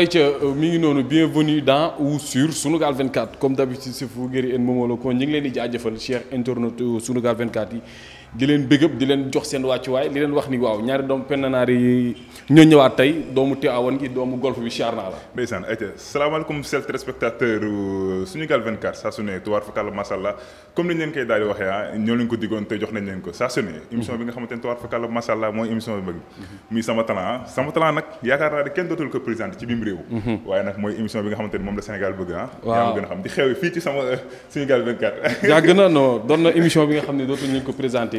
Aïcha euh, mi ngi noonu bienvenue dans ou sur Sunugal 24 comme d'habitude c'est Fou Guéry en Momo Lo kon ñu ngi leen di jaajëfal chers internautes euh, Sunugal 24 yi di leen bégëb di leen jox seen wàccuwaay li leen wax ni waaw ñaari doomu pennanaar yi tey doomu Tiwaawan gi doomu golf bi siyaar naa la. ndeysaan ayca salaamaaleykum sel téléspectateur euh, Sunugal 24 saa su ne tuwaar fakal macha allah comme ni leen koy daal di waxee ah ñoo leen ko diggoon te jox nañ leen ko saa su émission bi nga xamante ne tuwaar fakal macha allah mooy émission bi bëgg. Mhm. muy sama talent ah. sama talent nag yaakaar naa ne kenn dootul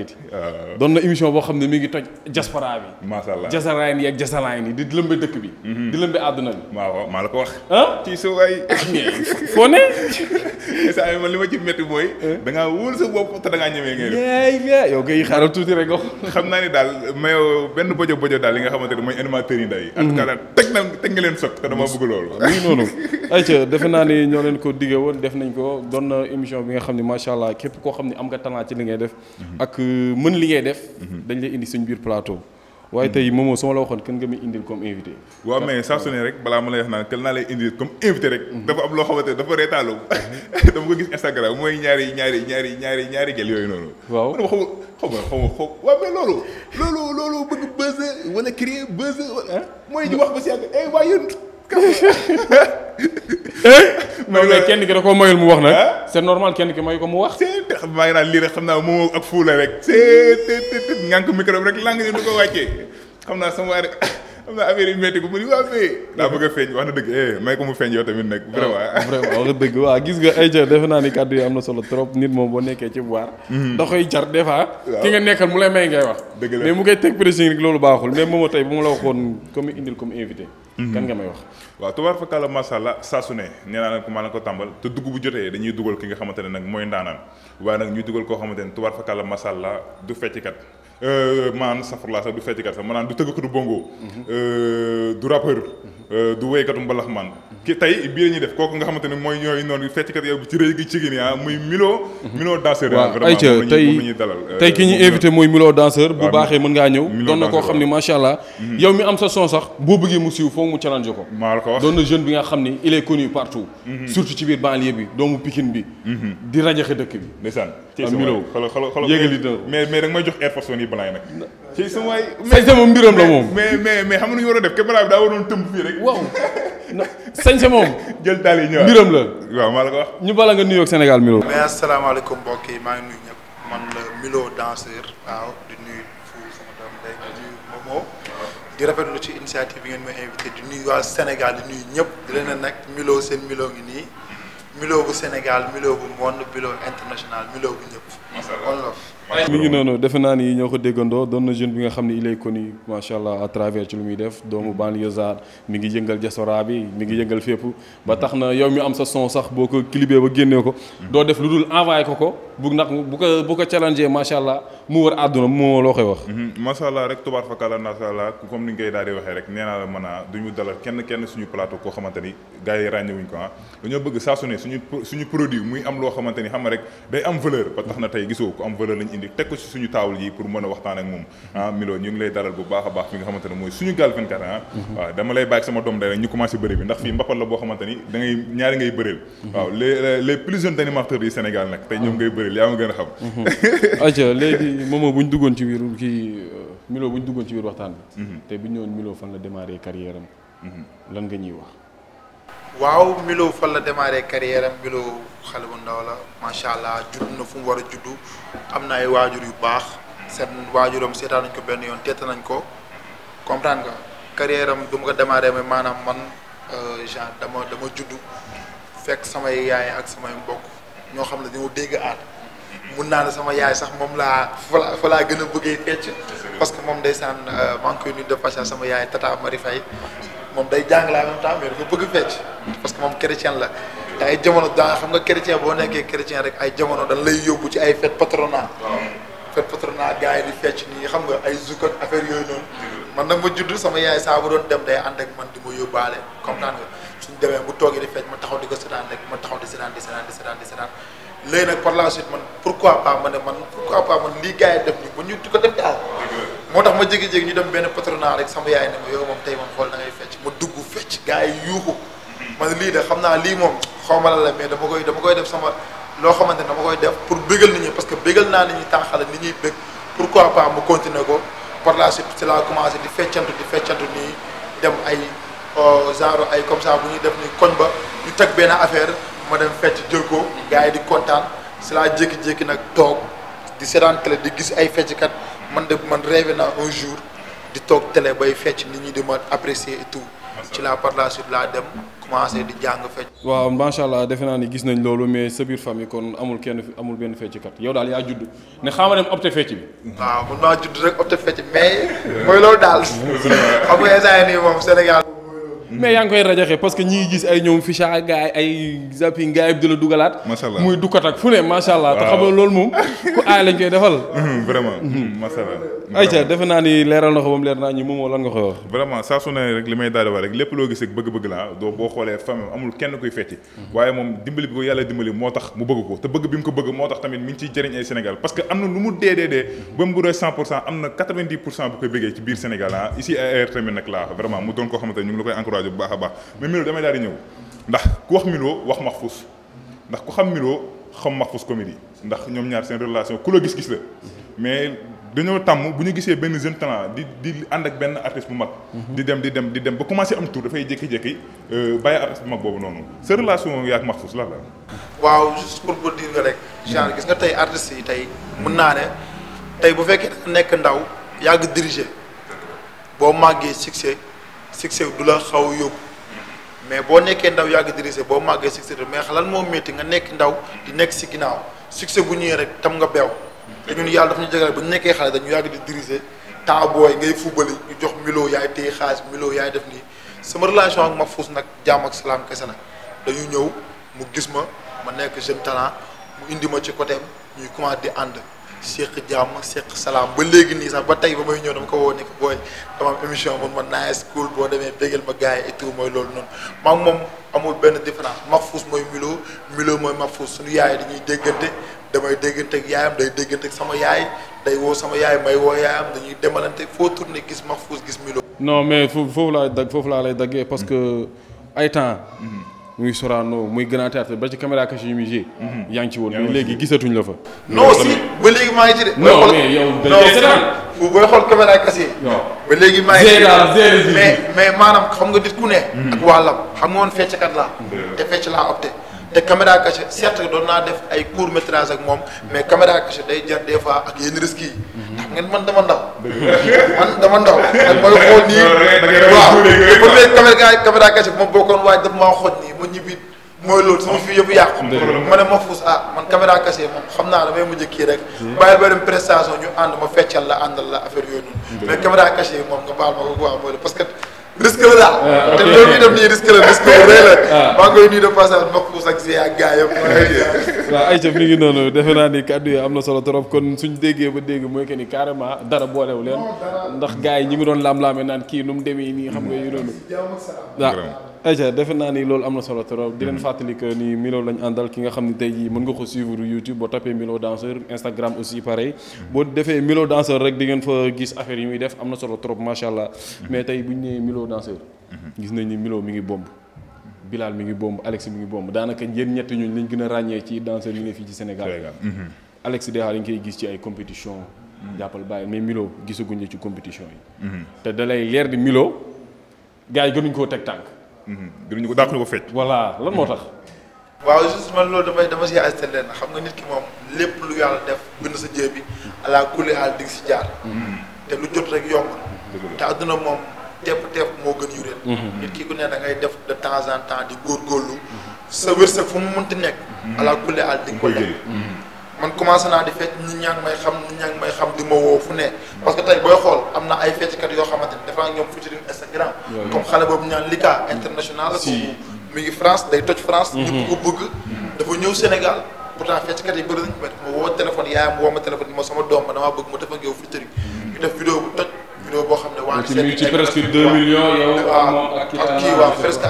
déedéet. doon na émission boo xam ne mu ngi toj jaspora bi. macha allah jasaraay yi ak jasalaay yi dëkk bi. Mhm. di lëmbe àdduna bi. waaw la ko wax. ah ci suuf ay. foo ne. saa ma ci métti mooy. da te da ngaa ñemee ngay def. yaay yow kay xam naa ni daal mayoo benn bojo bojo daal li nga xamante ne mooy animateurs yi ndey. en tout cas mhm. daal naa ni ñoo leen ko diggee woon def nañ ko doon na bi nga xam ne macha allah képp koo xam ne am nga talent ci li ngay def mhm. ak mën li ngay def. Mhm. dañ lay indi suñ biir plateau. waaye tey mhm. moomoo su ma la waxoon kan nga may indil comme invité. waaw mais saa su ne rek balaa ma lay wax naan kan naa lay indil comme invité rek. Mhm. dafa am loo xamante ne dafa reetaaloo dama ko gis Instagram mooy ñaari ñaari ñaari ñaari ñaari gel yooyu noonu. waaw man ma xamul xaw ma xaw xaw waa eh, yéen. Eh? man la kenn ki da koo mayul mu wax nag. c'est normal kenn ki may ko mu wax. seet xam maa ngi naan lii rek xam naa moom ak fuula rek. seet seet ñànk micro rek lang ni du xam naa sama waa rek xam naa affaire yi métti ko mu ni waa fee. daa a na dëgg eh, may ko mu feeñ yow tamit nag. vraiment ah, vraiment wax dëgg waaw gis nga ay jar defe naa ni kàddu yi am na solo trop nit moom boo nekkee ci boire. Hmm. da koy jar des fois. ki nga nekkal mu lay may ngay wax. dëgg la mais mu koy teg pression loolu baaxul mais moom tey bu ma la waxoon comme indil comme invité. Hmm. kan nga may wax waaw tubaar fa kàlla macha allah saa su ne nee naa nag maa na ko tàmbal te dugg bu jotee dañuy dugal ki nga xamante ne nag mooy ndaanaan waaye nag ñuy dugal koo xamante ne tubaar fa kàlla macha allah du feccikat euh, maanaam safar laa sax du feccikat sax maanaam du tëggkat du bongo. Mhm. Euh, du rappeur. Mhm. Euh, du woykatu mbalax man ki tey def kooku nga xamante mooy ñooy noonu fecckat yow ci rëy gi ci ah, muy Milo mhm. Milo danseur waaw euh, ki ñu invité mooy Milo danseur bu baaxee mën ngaa ñëw doon na koo xam ne macha allah mhm. yow mi am sa son sax boo bëggee mu siiw foog mu challenge ko doon na jeune bi nga xam ni il est connu partout mhm. surtout ci biir banlieue bi doomu Pikine bi di rajaxe dëkk bi ah, mais mais da may jox air force yi balaay nag ci a def waaw sañse moom. jël taal yi ñëwaat mbiram la. waaw maa la ko wax. ñu bala nga nuyoog Sénégal Milo. mais asalaamaaleykum mbokk yi maa ngi nuyu ñëpp man la Milo danseur waaw di nuyu fu sama doom day di nuyu Momo di rafetlu ci initiative bi ngeen may invité di nuyu Sénégal di nuyu ñëpp di leen nag Milo seen Milo ngi nii. Milo bu Sénégal Milo bu monde Milo international Milo bu ñëpp. mi ngi noonu defe naa ni ñoo ko déggandoo doon na jeune bi nga xam ne il est connu macha allah à travers ci lu muy def doomu banlieusard mi ngi yëngal jasora bi mi ngi yëngal fépp ba tax na yow mi am sa son sax boo ko clipé ba génnee ko doo def lu dul envoyé ko ko bu nag bu ko bu ko challengé macha allah mu wër àdduna moo loo koy wax. Mhm. macha allah rek tubaar fakala macha allah comme ni ñu daal di waxee rek nee la mën a du dalal kenn kenn suñu plateau koo xamante ni ràññewuñ ko ah. dañoo bëgg saa suñu produit muy am loo xamante ni xam rek day am valeur ba tax na tey gisoo ko am valeur lañu indi teg ko si suñu taawul yi pour mën a waxtaan ak moom ah. Milo ñu lay dalal bu baax a baax fi nga xamante mooy suñu gaal 24 ah. mhm. dama lay bàyyi sama doom day rek moom bu ñu duggoon ci biir kii euh, Milo bu ñu duggoon ci biir waxtaan bi. Mm-hmm. te bu ñu Milo fan la démarré carrière am. Mm-hmm. lan nga ñuy wax. waaw Milo fan la démarré carrière am Milo xale bu ndaw la macha allah judd na fu mu war a juddu am na ay waajur yu baax. seet waajuram seetaan nañ ko benn yoon teet nañ ko comprendre nga carrière am ko démarré ma maanaam man euh, genre dama dama juddu fekk samay yaay ak samay mbokk ñoo xam ne dañoo dégg aat. mun naa ne sama yaay sax moom laa fa laa fa laa gën a bëggee fecc parce que moom day euh, maa ngi koy nuyu de passage sama yaay tata Marie Faye moom day jàng la en même temps mais bëgg fecc parce que moom chrétien la te ay jamono daa xam nga chrétien boo nekkee chrétien rek ay jamono dañ lay yóbbu ci ay fête patronat fête patronat gars yi di fecc nii xam nga ay zukkat affaire yooyu noonu man na ma judd sama yaay saa bu doon dem day ànd ak man di ma yóbbaale comprendre nga suñ demee bu toogee di fecc ma taxaw di ko seetaan ma taxaw di seetaan di seetaan léegi nag par la suite man pourquoi pas ma ne man pourquoi pas man lii gars yi def ñu ba ñu di ko def daal moo tax ma jékki-jékki ñu dem benn patronat rek sama yaay ne ma yow moom tey man xool da ngay fecc ma dugg fecc gars yi yuuxu man lii de xam naa lii moom xaw ma la la mais dama koy dama koy def sama loo xamante ne dama koy dem pour bégal nit ñu parce que bégal naa nit ñi tànqale nit ñuy bég pourquoi pas ma continuer ko par la suite ci laa commencé di nii dem ay euh, genre ay comme bu ñuy def ni koñ ba ñu teg benn affaire ma dem fecc jël ko gars yi di kontaan si laa jékki-jékki nag toog di seetaan télé di gis ay fecckat man de man rêvé naa un jour di toog tele bay fecc nit ñi di ma apprécier et tout ci la par la suite laa dem commencé di jàng fecc. waaw macha allah defe naa ni gis nañ loolu mais sa biir famille kon amul kenn amul benn fecckat yow daal yaa judd ne xaaral dem opté fecc bi. waaw man maa judd rek opté fecc mais mooy loolu daal xam nga instant nii moom mais yaa ngi koy rajaxe parce ñi gis ay ñoom ficha gaay ay zapping gaay di la dugalaat. macha allah muy dukkat ak fu ne macha allah. te xam ko moom leer naa ñi moom ne rek laa doo boo xoolee famille moo tax mu dee dee dee ba mu budee pour cent am na 90 pour cent bu koy bëggee ci biir Sénégal ah ici AR tamit nag laa vraiment mu doon koo xamante ñu ngi la koy encouragé rajo bu baax a baax mais Milo damay daal di ñëw ndax ku wax Milo wax Mahfouss ndax ku xam Milo xam Mahfouss comédie ndax ñoom ñaar seen relation ku la gis-gis la mais dañoo tàmm bu ñu gisee benn jeune talent di di ànd ak benn artiste bu mag. di dem di dem di dem ba commencé am tour dafay jékki-jékki euh, bàyyi artiste bu mag boobu noonu sa relation yaa ak Mahfouss lan la. waaw juste pour pour dire nga rek. genre gis nga tey artistes yi tey mën naa ne tey bu fekkee nekk ndaw yàgg diriger succès du la xaw yóbbu mais boo nekkee ndaw yàgg dirigé boo màggee succès mais xalal moo métti nga nekk ndaw di nekk si ginnaaw succès bu ñëwee rek tam nga beew te ñun yàlla dafa ñu jagal ba ñu nekkee xale dañu yàgg di dirigé temps booy ngay fubali ñu jox milo yaay téye xaalis milo yaay def nii sama relation ak Mahfouz nag jàmm ak salaam kese nag dañu ñëw mu gis ma ma nekk jeune talent mu indi ma ci côté ñuy comment di ànd seq jàmm seq salaam ba léegi nii sax ba tey ba may ñëw dama ko woo ni ko booy dama am émission mun ma naa school boo demee bégal ma gars yi et tout mooy loolu noonu maa ngi moom amul benn différence Mahfouz mooy Milo Milo mooy Mahfouz suñu yaay dañuy déggante damay déggante ak yaayam day déggante ak sama yaay day woo sama yaay may woo yaayam dañuy demalante foo tourné gis Mahfouz gis Milo. non mais foofu laa dag foofu laa lay daggee parce que ay temps. Mm-hmm. muy Sorano muy Grand Théâtre ba ci caméra cachée yu muy joué. Mhm. yaa ngi ci woon mais léegi gisatuñ la fa. non aussi ba léegi maa ngi ci de. non mais yow koy seetaan booy xool caméra cachée. ba léegi maa ngi ci mais mais maanaam xam nga nit ku ne. Mhm. ak wàllam xam nga woon fecckat la te fecc laa opté. te caméra cachée certes doon naa def ay court métrage ak moom mais caméra cachée day jar des fois ak yenn risques yi. ndax ma bokkoon waaye daf maa xooj nii ma ñibbi mooy loolu sama ne ma fuus ah man caméra cachée moom xam naa damay mujj kii rek. bàyyi ba dem prestation ñu ànd ma feccal la àndal la affaire yooyu noonu. mais caméra cachée moom nga baal ma ko waaw mooy parce que. risque la daal. Ah, te la risque bu rëy la. waaw ah. maa ngi koy nuyu de gars yëpp. waaw ayca mi ngi noonu defe naa ni kàddu yi am na solo trop kon suñ déggee ba dégg mooy que ni carrément dara boolewu leen. ndax gars yi ñu ngi doon laam-laame naan kii nu mu demee nii xam nga yu doon. waaw Aïcha defe naa ni loolu am na solo trop di leen fàttali que ni Milo lañ àndal ki nga xam ne tey jii mën nga ko suivre YouTube boo tapee Milo danseur Instagram aussi pareil boo defee Milo danseur rek di ngeen fa gis affaire yi muy def am na solo trop macha allah mais tey bu ñu nee Milo danseur gis nañ ni Milo mi ngi bomb Bilal mi ngi bomb Alex mu ngi bomb daanaka yéen ñetti ñun liñ gën ràññee ci danseur yi ne fii ci Sénégal mhm. Alex Deha dañ koy gis ci ay compétition mhm. jàppal bàyyi mais Milo gisaguñ ci compétition yi mhm. te da lay leer Milo gars yi gënuñ koo teg tànk gënuñu mhm. ko dàqu ñu ko fecc. voilà lan moo mhm. tax. waaw juste man loolu damay dama si assisté leen xam nga nit ki moom lépp lu yàlla def bind sa jëb bi ala kulli aal di si jaar. Mhm. te lu jot rek yomb. te adduna moom tepp tepp moo gën yuréel. nit ki ku ne da ngay def de temps en temps di góor góorgóorlu. sa wërsëg fu mu ti nekk. ala kulli aal di nga ko man commencé naa di fecc nit ñaa ngi may xam nit ñaa may xam di woo fu ne parce que tey booy xool am na ay fecckat yoo xamante ni dafa ñoom featuring Instagram comme xale boobu ñaan Lika international si mi ngi France day toj France ñëpp mhm. ko bëgg dafa ñëw Sénégal pourtant fecckat yi bëri nañ mais ma woo téléphone yaayam woo ma téléphone sama doom ba damaa bëgg ma def yow featuring ñu def vidéo bu toj vidéo boo xam ne waa ci ci presque deux millions yow ak kii waaw presque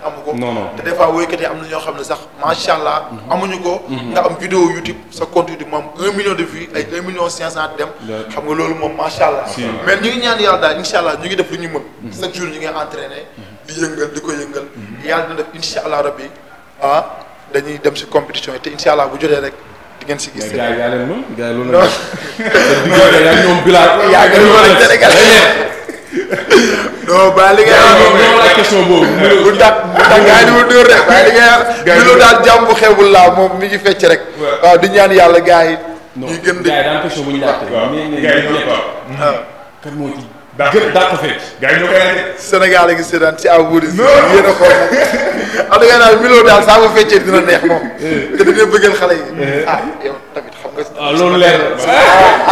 kenn ko. non non te des fois woykat am na ñoo xam ne sax macha allah. Mhm. amuñu ko. Mhm. nga am vidéo YouTube sa compte di moom un million de vues ay un million cinq cent dem. xam nga loolu moom macha allah. mais ñu ngi ñaan yàlla daal incha allah ñu ngi def lu ñu mën. Mhm. chaque jour ñu ngi entraîné. di yëngal di ko yëngal. yàlla na def allah rabbi ah dañuy dem si compétition yi te incha allah bu jotee rek. di ngeen si gis gaa gaa leen loolu la. te diggante yaa ngi ñoom yaa non bàyyi li daal jàmm bu xewul laa moom mi ngi fecc rek. waaw di ñaan yàlla gars yi. ñu gën di daan question bu ñu laajte. waaw gars yi ñoo ko waaw. kan moo ci. gën daa ko fecc. gars yi ñoo koy a ngi seetaan a xool nag. am na nga naan Milo daal saa ko feccee dina eh. te dina bëggal xale yi. Eh. ah yow tamit xam nga.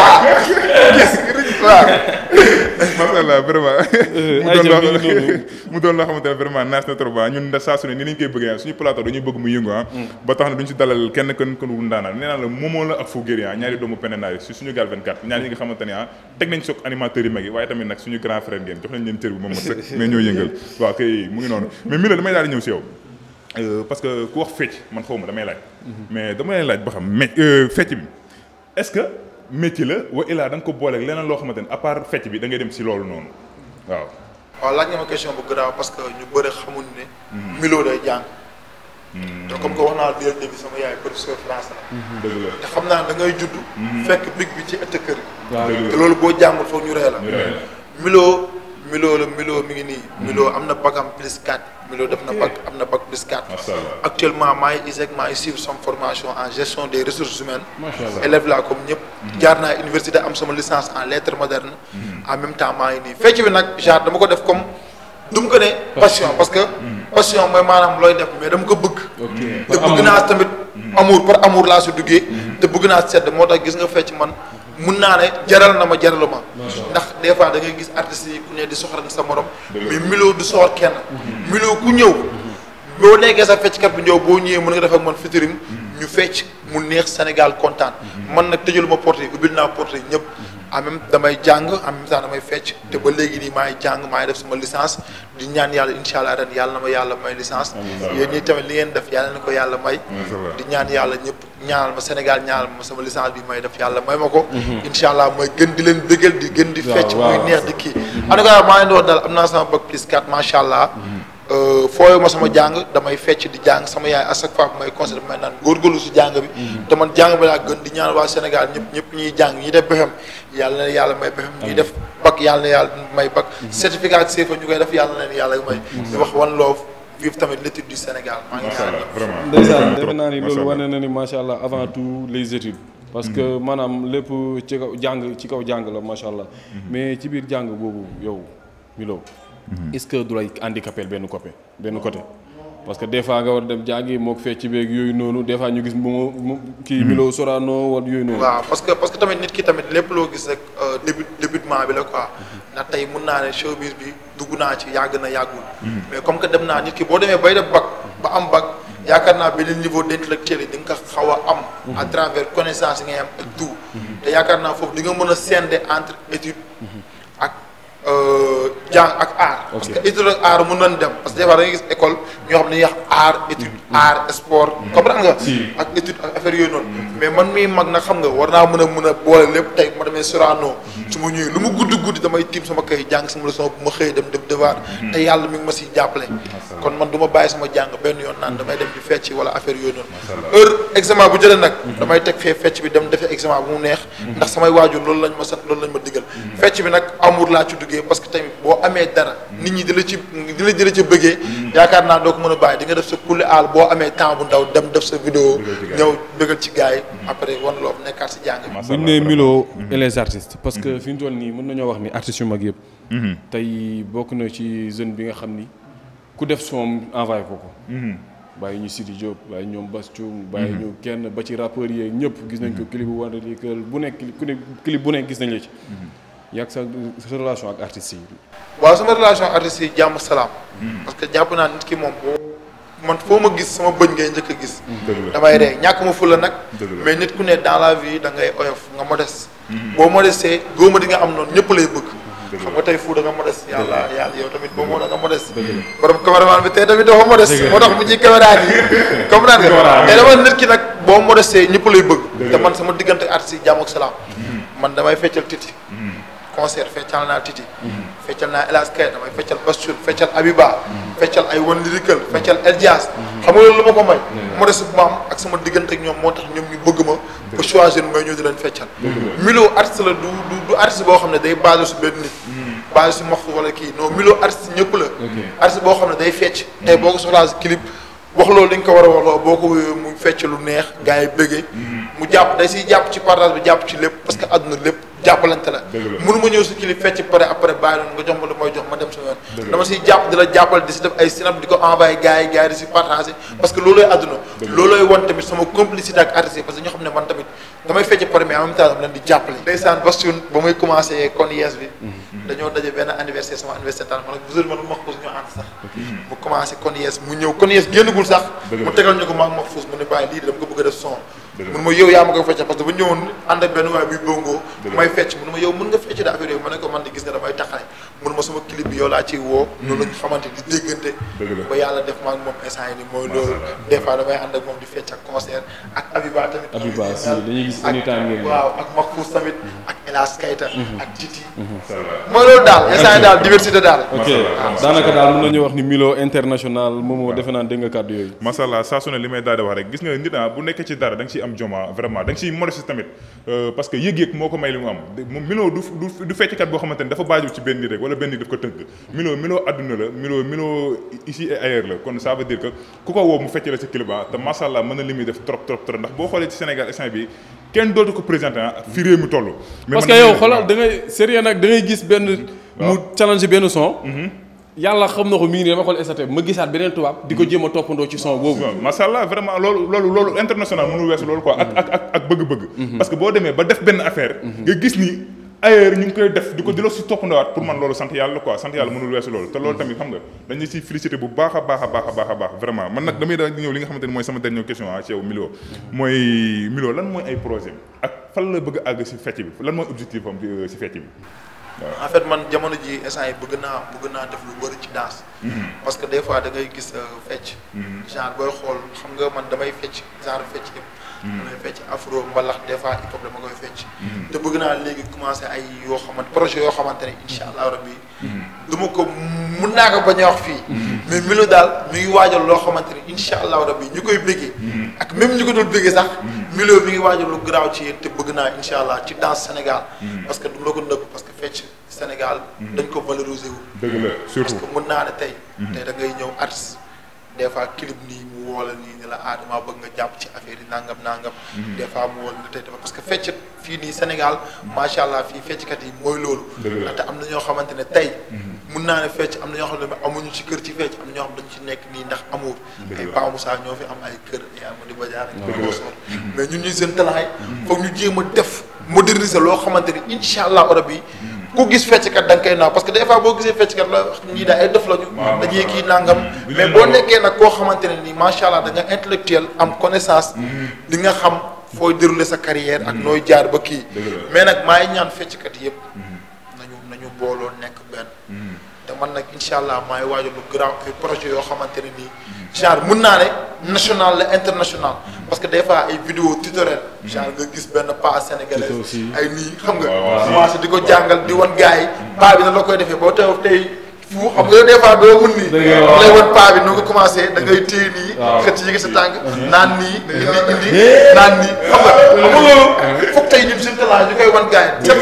Ah, waaw macha allah vraiment. mu doon loo xamante ne vraiment naas na trop ah ñun da saa su ne ni lañ koy bëggee ah, suñu plateau dañuy bëgg mu yëngu ah. Mm. ba tax na duñ si dalal kenn kenn ku ndaanaan nee la moomoo la ak fu gëri ah, ñaari doomu peneenaay si suñu gaal 24 ñaar ñi nga xamante ne ah, teg nañ soog animateurs yi mag yi waaye tamit nag suñu grand frère ngeen jox nañ leen cër bi moom ma sëkk mais ñoo yëngal waaw kay mu ngi noonu mais mi la damay euh, dama mm-hmm. xam mais euh, métier la wa illaa da nga ko booleeg leneen loo xamante ne à part fecc bi da ngay dem si loolu noonu waaw. waaw laaj nga ma question bu grave parce que ñu bëri xamuñ ne. Mhm. milo day jàng. Mhm. te comme ko wax naa la dégg sama yaay professeur français la. Mhm, dëgg la te xam naa da ngay judd. fekk big bi ci ëtt kër. te loolu boo jàngul foog ñu ree la. ñu la milo. Milo la Milo mi ngi nii. Hmm. Milo am na bac am plus 4. Milo def na bac am na bac plus 4. macha allah actuellement maa ngi ISEC maa ngi suivre sama formation en gestion des ressources humaines. macha allah élève laa comme ñëpp. Hmm. jaar naa université am sama licence en lettres modernes. Hmm. en même temps maa ngi nii fecc bi nag genre dama ko def comme du ko ne. passion parce que. passion mooy maanaam looy def mais dama ko bëgg. te bëgg naa tamit. amour par amour laa si duggee. te bëgg naa sedd moo tax gis nga fecc man. mun naa ne jaral na ma jaraluma ndax des fois da gis artistes yi ku ne di soxla sa morom mais Milo du soxor kenn mhm. Milo ku ñëw mhm. boo nekkee sa fecckat bu ñëw boo ñëwee mën nga def ak man fitirim mhm. ñu fecc mu neex Sénégal kontaan man nag tëjul ma porte yi ubbil naa porte yi ñëpp en même damay jàng en même temps damay fecc te ba léegi nii maay jàng maay def sama licence di ñaan yàlla incha allah ren yàlla na ma yàlla may licence yéen ñii tamit li ngeen def yàlla na ko yàlla may di ñaan yàlla ñëpp ñaanal ma Sénégal ñaanal ma sama licence bi may def yàlla may ma ko mhm. incha allah mooy gën di leen bëggal di gën di fecc muy neex di kii en tout cas maa ngi doon daal am naa sama bac plus 4 allah mhm. Euh, fooyo ma sama jàng damay fecc di jàng sama yaay a chaque fois bu may conseil may naan góorgóorlu si jàng bi mhm. te man jàng bi laa gën di ñaan waa Sénégal ñëpp ñëpp ñuy jàng ñuy def bexem yàlla na yàlla may bexem ñuy def bac yàlla na yàlla may bac mhm. certificat CFEE ñu koy def yàlla na leen yàlla may mhm. di wax wan loof vive Sénégal maa ngi vraiment ndeysaan naa ni loolu wane na ni macha allah avant tout les études parce que maanaam lépp ci kaw jàng ci kaw jàng la macha allah mais ci biir jàng boobu yow Milo Mm-hmm. est-ce que du lay handicapé benn côté benn côté parce que des nga war dem jàngi mook fecc beeg yooyu noonu des ñu gis mu mu kii mm-hmm. Milo Sorano war yooyu noonu. waaw parce que parce que tamit nit ki tamit lépp loo gis rek euh, début débutement bi la quoi. Mm-hmm. na tey mun naa ne showbiz bi dugg naa ci yàgg na yàggul. mais comme que dem naa nit ki boo demee bay def bac ba am bac yaakaar naa beneen niveau d'intellectuel yi di nga ko xaw a am. à travers connaissance yi ngay am ak tout. te a scinder entre études. Euh, jàng ak aar. parce que étude ak aar mun dem parce que des fois da ngay gis école ñoo xam ne dañuy wax aar art sport. comprendre nga. ak étude ak affaire yooyu noonu. mais man mii mag na xam nga war naa mën a mën a boole lépp tey ma demee Sorano. su ma ñëwee lu mu guddi guddi damay tiim sama kay jàng sama leçon bu ma xëy dem dem devoir. Mm-hmm. te yàlla mi ngi ma siy jàppale. kon man du ma bàyyi sama jàng benn yoon naan damay dem di fecc wala affaire yooyu noonu. heure examen bu jëlee nag. Mm-hmm. damay teg fee fecc bi dem defee examen bu mu neex. Mm-hmm. ndax samay waajur loolu lañ ma sant loolu lañ ma digal. fecc bi nag amour laa ci duggee parce que tamit boo amee dara. ñi di la ci di la ci bëggee yaakaar naa doo ko mën a bàyyi di def sa kulli aal boo amee temps bu ndaw dem def sa vidéo ñëw bëggal ci gars après wan loo nekkaat si jàng bi buñ nee Milo mm-hmm. et les artistes parce que fi ñu toll nii mën nañoo wax ni artistes yu mag yëpp mm-hmm. tey bokk na ci jeune bi nga xam ni ku def son envoyé ko ko mm-hmm. bàyyi ñu Sidi Diop bàyyi ñoom Bass Thioung bàyyi ñu kenn ba ci rappeurs yeeg ñëpp gis nañ ko clip bu war bu nekk ku ne clip bu nekk gis nañ la ci yàgg sa sa relation ak artistes yi. waaw sama relation ak artistes yi jàmm salaam. Hmm. parce que jàpp naa nit ki moom boo. man foo ma gis sama bëñ ngay njëkk a gis. Hmm. damay ree ñàkk ma fulla nag. mais nit ku ne dans la vie da ngay oyof nga modeste. Hmm. boo modestee góoma di nga am noonu ñëpp lay bëgg. xam nga tey fu da nga modeste. yàlla yàlla yow tamit boo moo da nga modeste. borom caméraman bi tey tamit dafa modeste. moo tax mu ciy caméra yi. comme naan nga mais dama nit ki nag boo modestee ñëpp lay bëgg. te man sama diggante artiste yi jàmm ak man damay feccal titi. concert feccal naa Titi. feccal naa El Kay damay feccal Bastour feccal Abiba. feccal ay wan feccal El Dias. xam lu ma ko may. moo des ak sama diggante ñoom moo tax ñoom ñu bëgg ma. ba choisir may ñëw di leen feccal. Milo artiste la du du boo xam ne day basé su benn nit. Hmm. basé su maxtu wala kii non Milo artiste ñëpp la. artiste boo xam ne day fecc. tey boo ko soxlaa si clip. wax loolu li ko war a wax loo boo ko wéyoo mu fecc lu neex gars yi mm-hmm. mu jàpp day siy jàpp ci partage bi jàpp ci lépp parce que àdduna lépp jàppalante la mënu ma ñëw si kilif fecc pare ma lu jàppal di si def ay sinap di ko envoyé gars yi gars yi di si partagé mm-hmm. parce que loolooy àdduna loolooy wan tamit sama complicité ak artiste parce que ñoo xam ne man tamit damay fecc pare mais en même temps dama leen di jàppale ndeysaan Bastoun ba muy commencé kon bi mm-hmm. dañoo daje benn anniversaire sama anniversaire daal ma ne bu man ma Mahfouz ñu ànd sax. mu commencé kon mu ñëw kon yees génnagul sax. mu tegal ñu ko ma Mahfouz mu ne bàyyi lii dama ko bëgg a def son. mun ma yow yaa ma koy fecc parce que bu ñëwoon ànd ak benn waay buy bongo. may fecc mun ma yow mun nga fecc da affaire yooyu ma ne ko man di gis nga damay taxale mun ma sama clip bi yow laa ciy woo. Hmm. noonu la ñu xamante di déggante. ba yàlla def ma ak moom instant yi nii mooy loolu. des fois damay ànd ak moom di fecc ak concert ak Titi. Hmm. Hmm. mooy loolu daal instant yi daal diversité daal. ok daanaka daal mën nañu wax ni Milo international moom moo defe naa dégg nga yooyu. macha saa su li may daal wax rek gis nga nit ah bu nekkee ci dara da nga am joma vraiment da nga ciy modeste tamit euh, parce que yëg-yëg moo ko may wala benn daf ko tënk milo milo àdduna la milo milo ici et la kon ça veut dire que ko woo mu fecc la si climat te macha mën na li def trop trop ndax boo xoolee Sénégal instant bi kenn dootu ko présenté ah, fi réew mi toll. parce yow xoolal da ngay nag da gis benn. Mhm. mu challenge benn son. Mhm. yàlla xam na ko mi dama xool SAT ma gisaat beneen tubaab di ko mhm. jéem a toppandoo ci son boobu. macha allah loolu loolu international mënul weesu loolu ailleurs ñu ngi koy def di ko di la si toppandawaat pour man loolu sant yàlla quoi sant yàlla mënul weesu loolu te loolu tamit xam nga dañu siy félicité bu baax a baax a baax a baax a baax vraiment man nag damay daal di ñëw li nga xamante mooy sama dernière question ah ci Milo mooy Milo lan mooy ay projet ak fan la bëgg a àgg si bi lan mooy objectif am euh, si fecc bi en fait man jamono ji instant yi bëgg naa bëgg naa def lu bëri ci danse. Mhm. parce que des fois da gis euh, fecc. Mhm. genre booy xool xam nga man damay fecc genre fecc yëpp. Mhm. damay fecc afro mbalax des fois hip hop dama koy fecc. te bëgg naa léegi commencé ay yoo xamante projet yoo xamante ne incha allah rabbi. du ma ko mun naa ko bañ a wax fii. mais Milo daal mi ngi waajal loo xamante ne incha allah rabbi ñu koy bëggee. ak même ñu ko dul bëggee sax. milieu mi ngi waajal lu garaaw ci yéen te bëgg naa incha allah ci danse Sénégal. Mm-hmm. parce que du la ko nëbb parce que fecc Sénégal. Mm-hmm. dañ ko valoriser wu. dëgg la surtout parce que mm-hmm. da ngay ñëw artiste des fois clip nii mu woo nii. la ah bëgg nga jàpp ci affaire yi nangam nangam. Mhm. des fois mu wol tey parce que fecc fii nii Sénégal macha allah fii fecckat yi mooy loolu. ndaxte am na ñoo xamante tey. Mhm. mun naa ne fecc am na ñoo xam ne amuñu ci kër ci fecc am na ñoo xam dañu ci nekk nii ndax amoo. ay Pa Moussa ñoo fi am ay kër ay Amady Badiane ak ñoo soor mhm. mais ñun ñuy seen talaay. foog ñu jéem a def moderniser loo xamante ni incha allah rabi. ku gis fecckat da nga koy naaw parce que des fois boo gisee fecckat la ñii daal ay dof la dañuy kii nangam. mais boo nekkee nag koo xamante ne nii macha allah da nga intellectuel am connaissance. Mm-hmm. di nga xam fooy dérouler sa carrière ak mm-hmm. nooy jaar ba kii. mais nag maa ngi ñaan fecckat yëpp. Mm-hmm. nañu nañu booloo nekk benn. te man nag incha allah maa ngi waajal lu grand projet yoo xamante ne nii. genre mun naa ne national la international parce que des fois ay vidéo tutoriel genre nga gis benn paa sénégalais ay nii xam nga di ko jàngal di wan gars paa bi na la koy defee boo teew tey fu xam nga des fois doo mun nii lay wan paa bi ñu koy wan gars yi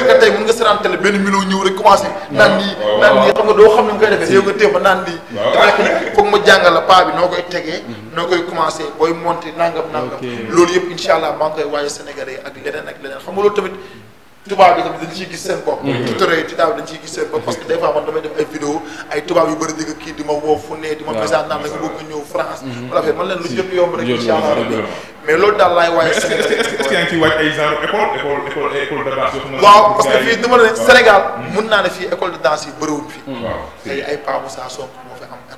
nga tey mun nga saraan télé benn million ñëw rek commencé naan nii naan nii xam nga doo xam ni nga koy defee yow nga téye ba naan nii jàngal paa bi noo koy tegee. Mhm. noo koy commencé booy monter nangam nangam. loolu yëpp incha allah maa ngi koy waaye Sénégalais ak leneen ak leneen xam nga loolu tamit. tubaab yi tamit dañ ciy gis seen bopp mhm. tutoré tubaab yi dañ ciy gis seen bopp parce que des damay def ay vidéo ay tubaab yu bëri di kii di ma woo fu ne di ma présenté naan la nga ñëw France mhm. man leen lu jot yomb rek incha mais loolu daal laay waaye que yaa ngi ciy waaj ay genre école école école de danse fii du yi bëriwul fii ay ay Pa Moussa Sonko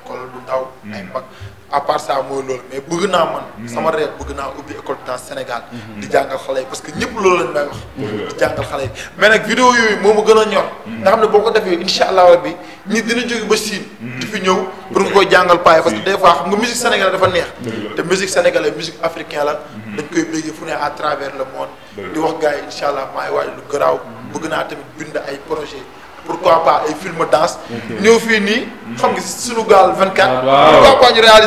école du daw. Mm-hmm. ay bac à part ça mooy loolu mais bëgg naa man. Mm-hmm. sama réew bëgg naa ubbi école de Sénégal. Mm-hmm. di jàngal xale yi parce que ñëpp loolu lañ may wax. di jàngal xale yi mais nag vidéo yooyu moo ma gën a ñor. ndax xam ne boo ko defee incha allah rabbi ñi dina jóge ba Siin. di fi ñëw pour nga koy jàngal paay parce que des fois xam nga musique sénégalaise dafa neex. te musique sénégalaise musique africaine la. dañ koy béggee fu ne à travers le monde. di wax gars yi incha allah maay waaj lu garaaw. bëgg naa tamit bind ay projet pourquoi pas ay film danse. ñëw fii nii. xam nga sunu gaal 24. Ah, waaw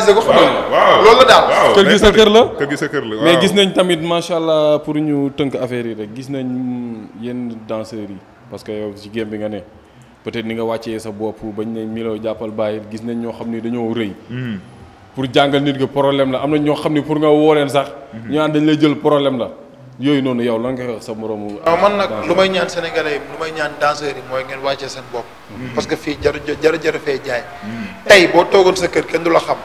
loolu la daal. kër gi sa kër la kër gi kër la mais gis nañ tamit macha allah pour ñu tënk affaire yi rek gis nañ yenn danseurs yi parce que yow ci game bi nga ne. peut-être ni nga wàccee sa bopp bañ ne milo jàppal bàyyi gis nañ ñoo xam ni dañoo rëy. Hmm. pour jàngal nit ga problème la am na ñoo xam ni pour nga woo leen sax. Hmm. ñu naan dañ lay jël problème la. yooyu noonu yow lan nga wax sa moroomu. waaw man nag lu may ñaan sénégalais yi lu may ñaan danseurs yi mooy ngeen wàccee seen bopp. Mhm. parce que fii jaru jaru jaru fee jaay. Mhm. tey boo toogoon sa kër kenn du la xam.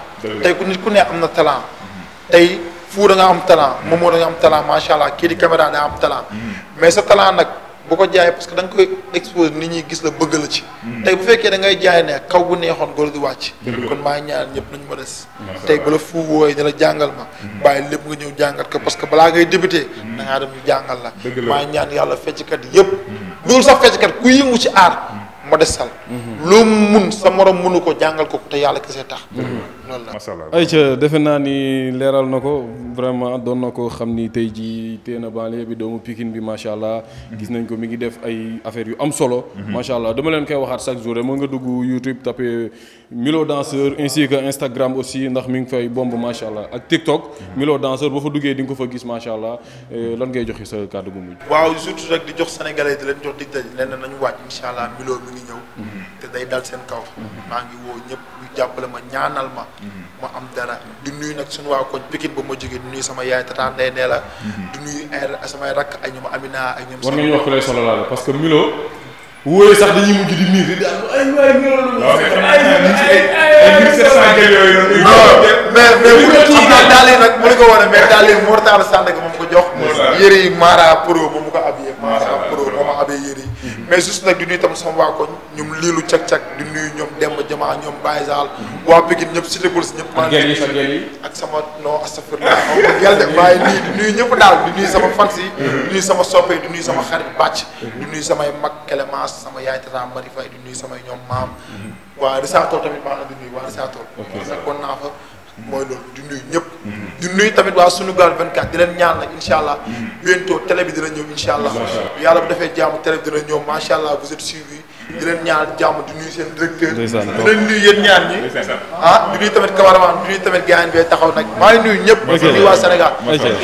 tey ku nit ku ne am na talent. Mhm. tey Fou da nga am talent. moomoo da am talent macha allah kii di caméra daa am talent. mais sa talent nag. bu ko jaay parce que da nga koy exposé nit ñi gis la bëgg la ci. Hmm. tey bu fekkee da ngay jaay ne kaw bu neexoon góor wàcc. kon maa ngi ñaan ñëpp nañu ma des. tey bala fu wooyee ne la jàngal ma. Hmm. bàyyi lépp nga ñëw jàngat ko parce que balaa ngay débuté. Hmm. da ngaa dem jàngal la. maa ngi ñaan yàlla fecckat yëpp. loolu sax fecckat ku yëngu ci aar. ma desal. loo mun sa moroom mënu ko jàngal ko te yàlla kese tax. loolu la macha allah defe naa ni leeral na ko vraiment doon na ko xam ni tey jii téye na banlieue bi doomu Pikine bi macha allah. gis nañ ko mi ngi def ay affaires yu am solo. Mhm. macha allah dama leen koy waxaat chaque jour rek mën nga dugg YouTube tapé Milo danseur ainsi Instagram aussi ndax mi ngi fay bomb macha allah ak TikTok. Mhm. Milo danseur boo fa duggee di ko fa gis macha allah eh, lan ngay joxe sa kàddu gu mujj. waaw surtout rek di jox sénégalais di leen jox dig daje leen nañu wàcc incha allah Milo mi ngi jàppale ma ñaanal ma mm-hmm. ma am dara di nuyu nag suñu waa koñ Pikine ba ma jógee di nuyu sama yaay tata ndey nee la mm-hmm. di nuyu ay samay rakk ay ñoom Amina ak ñoom war nañu wax ku lay solo laal parce que Milo wóoree sax dañuy mujj di miir di daal ay ko jox yëre yi Mara Pro moom ko ab yee Mara Pro moom ab yëre yi mais juste nag di nuyu tam sama waa koñ ñoom liilu cag-cag di nuyu ñoom Demba Jamaa ñoom Baye Sall waa Pikine ñëpp cité bourse ñëpp maa ngi ak sama non astafurlah gel de waaye nii ñëpp daal di nuyu sama fans yi di sama soppe di nuyu sama xarit bàcc di nuyu samay mag Clémence sama yaay Tata Mari Fay di nuyu samay ñoom maam mhm. waa Risatol tamit maa ngi di nuyu waa Risatol nekkoon naa fa mooy loolu du nuyu ñëpp. di nuyu tamit waa Sunugal 24 di leen ñaan nag incha allah. bientôt télé bi dina ñëw incha allah. yàlla bu defee jàmm télé bi dina ñëw macha bu vous êtes suivi. di leen ñaan jàmm di nuyu seen directeur. di nuyu ñaan ñi. ah di tamit cameraman di nuyu tamit bee taxaw nag. maa ngi nuyu ñëpp. di nuyu waa Sénégal.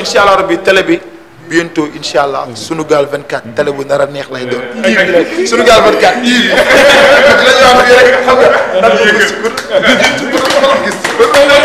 incha allah rabbi télé bi. bientôt incha allah Sunugal 24 télé bu nar a neex lay doon. Sunugal 24 kii bi. dinañu wax rek xam nga.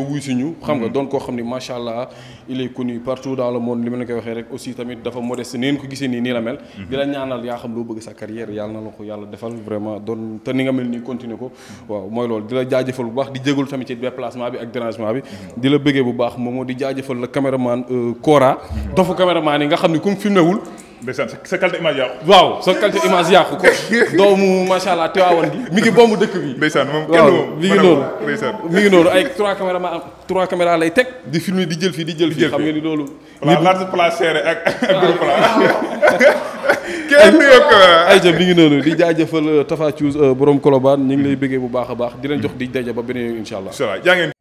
ñëw wuy suñu xam nga mm-hmm. doon koo xam ni macha allah il est connu partout dans le monde li ma la koy waxee rek aussi tamit dafa modeste neen ko gisee nii la mel mm-hmm. di la ñaanal yaa xam loo bëgg sa carrière yàlla na la yàlla defal vraiment doon te ni nga mel nii continuer ko mm-hmm. waaw mooy loolu di la jaajëfal bu baax di jégalu tamit ci déplacement bi ak dérangement bi di la bëggee bu baax moom moo di jaajëfal la caméraman Kora euh, dofu caméraman nga xam ni comme filmé ndeysaan sa qualité image yàqu. waaw sa qualité image yàqu ko doomu macha allah teewaawoon gi mi ngi bomb dëkk bi. ndeysaan moom kenn mi ngi noonu mi ngi noonu ay am trois caméra lay teg di filmer di jël fii di jël fii xam nga ni loolu. voilà large place serré ak ak di jaajëfal euh, Tapha Tine euh, borom Colobane ñu ngi lay bëggee bu baax a baax di leen jox di daje ba beneen yoon allah.